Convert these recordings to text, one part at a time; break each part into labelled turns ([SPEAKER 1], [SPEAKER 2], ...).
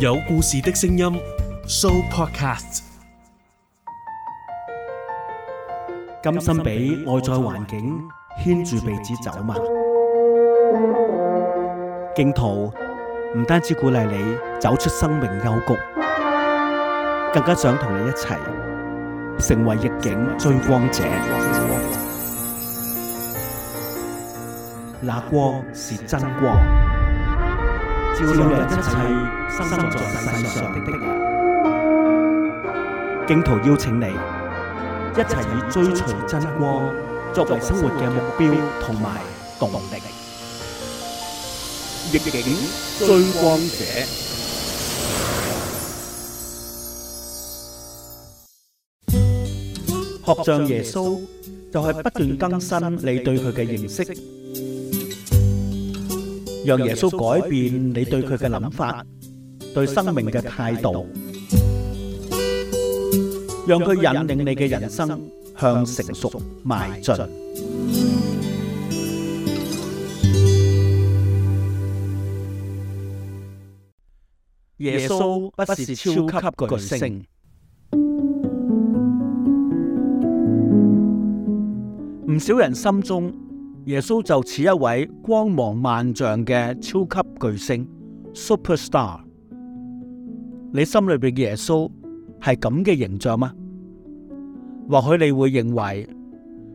[SPEAKER 1] 有故事的聲音，Sooopodcast。甘心俾外在環境牽住鼻子走嘛？荊徒唔單止鼓勵你走出生命幽谷，更加想同你一齊成為逆境追光者。 那光是真光。照亮一切生生在世上的的人，荊徒邀請你，一齊以追隨真光作為生活嘅目標同埋動力。逆境追光者，學像耶穌，就係不斷更新你對佢嘅認識。讓耶穌改變你對佢嘅諗法，對生命嘅態度，讓佢引領你嘅人生向成熟邁進。耶穌不是超級巨星，唔少人心中。耶穌就似一位光芒萬丈嘅超級巨星 （Superstar）。你心裏邊嘅耶穌係咁嘅形象嗎？或許你會認為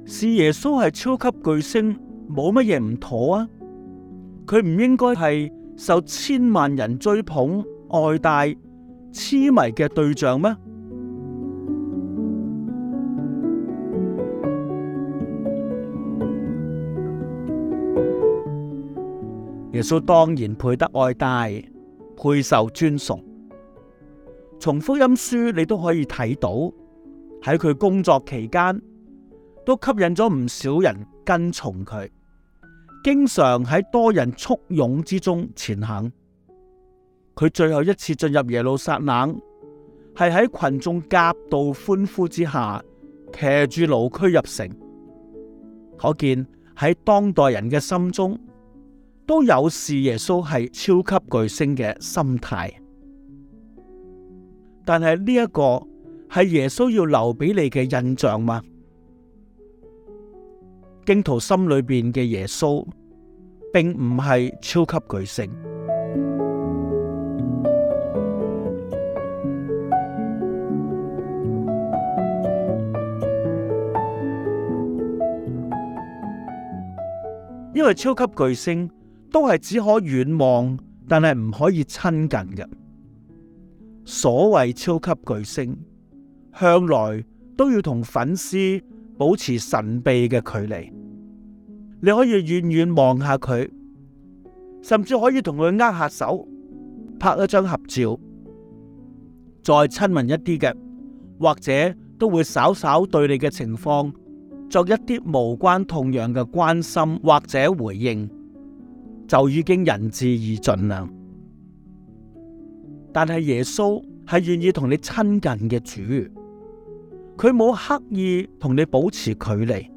[SPEAKER 1] 是耶穌係超級巨星，冇乜嘢唔妥啊？佢唔應該係受千萬人追捧、愛戴、痴迷嘅對象咩？耶穌當然配得愛戴，配受尊崇。從福音書你都可以睇到，喺佢工作期間都吸引咗唔少人跟從佢，經常喺多人簇擁之中前行。佢最後一次進入耶路撒冷，係喺群眾夾道歡呼之下，騎住驢駒入城。可見喺當代人嘅心中。都有視耶穌係超級巨星嘅心態，但係呢一個係耶穌要留俾你嘅印象嗎？荊徒心裏邊嘅耶穌，並唔係超級巨星，因為超級巨星。都係只可遠望，但係唔可以親近嘅。所謂超級巨星，向來都要同粉絲保持神秘嘅距離。你可以遠遠望下佢，甚至可以同佢握下手，拍一張合照，再親民一啲嘅，或者都會稍稍對你嘅情況作一啲無關痛癢嘅關心或者回應。就已經仁至義盡啦。但係耶穌係願意同你親近嘅主，佢冇刻意同你保持距離，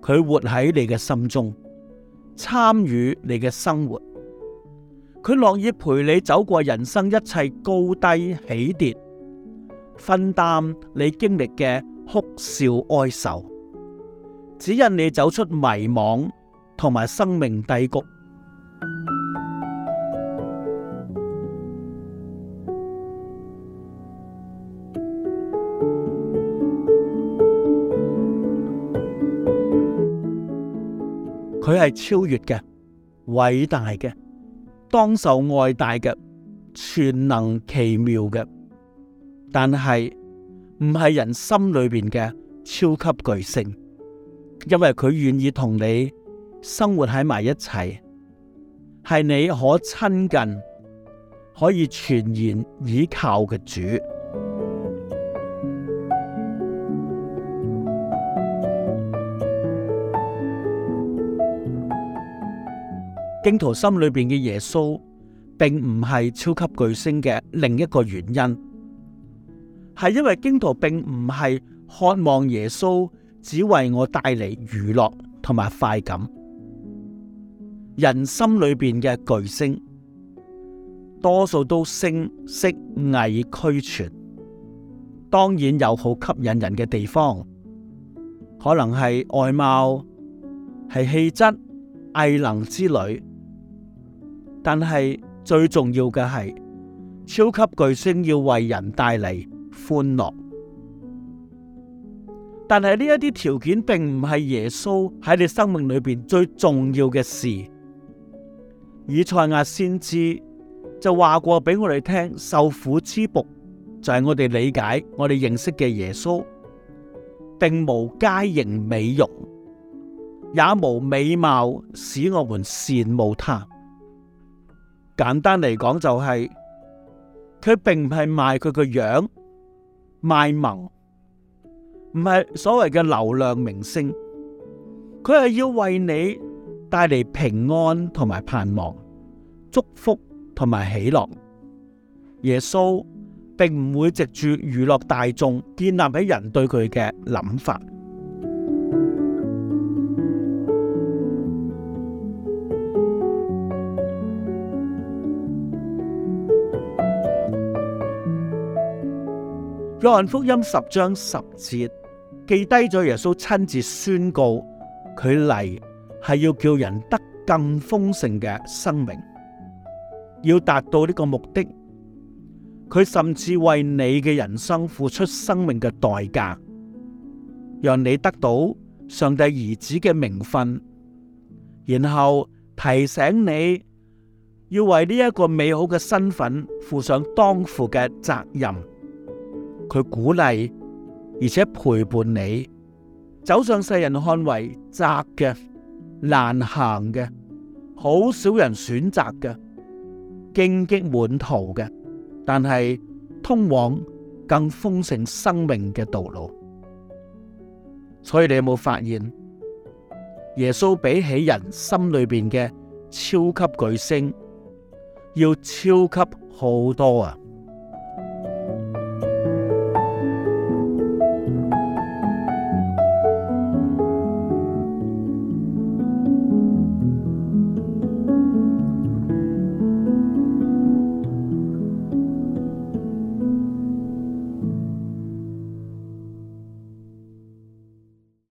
[SPEAKER 1] 佢活喺你嘅心中，參與你嘅生活，佢樂意陪你走過人生一切高低起跌，分擔你經歷嘅哭笑哀愁，指引你走出迷惘同埋生命低谷。佢係超越嘅、偉大嘅、當受愛戴嘅、全能奇妙嘅，但係唔係人心裏邊嘅超級巨星，因為佢願意同你生活喺埋一齊，係你可親近、可以全然倚靠嘅主。荊徒心裏邊嘅耶穌，並唔係超級巨星嘅另一個原因，係因為荊徒並唔係渴望耶穌只為我帶嚟娛樂同埋快感。人心裏邊嘅巨星，多數都聲色藝俱全，當然有好吸引人嘅地方，可能係外貌、係氣質、藝能之類。但係最重要嘅係超級巨星要為人帶嚟歡樂，但係呢一啲條件並唔係耶穌喺你生命裏邊最重要嘅事。以賽亞先知就話過俾我哋聽，受苦之僕就係、是、我哋理解、我哋認識嘅耶穌，並無佳形美容，也無美貌使我們羨慕他。簡單嚟講就係、是，佢並唔係賣佢個樣，賣萌，唔係所謂嘅流量明星，佢係要為你帶嚟平安同埋盼望，祝福同埋喜樂。耶穌並唔會藉住娛樂大衆，建立喺人對佢嘅諗法。約翰福音十章十節記低咗耶穌親自宣告：佢嚟係要叫人得更豐盛嘅生命。要達到呢個目的，佢甚至為你嘅人生付出生命嘅代價，讓你得到上帝兒子嘅名分，然後提醒你要為呢一個美好嘅身份負上當負嘅責任。佢鼓勵而且陪伴你，走上世人看為窄嘅難行嘅，好少人選擇嘅，荊棘滿途嘅，但係通往更豐盛生命嘅道路。所以你有冇發現，耶穌比起人心裏邊嘅超級巨星，要超級好多啊！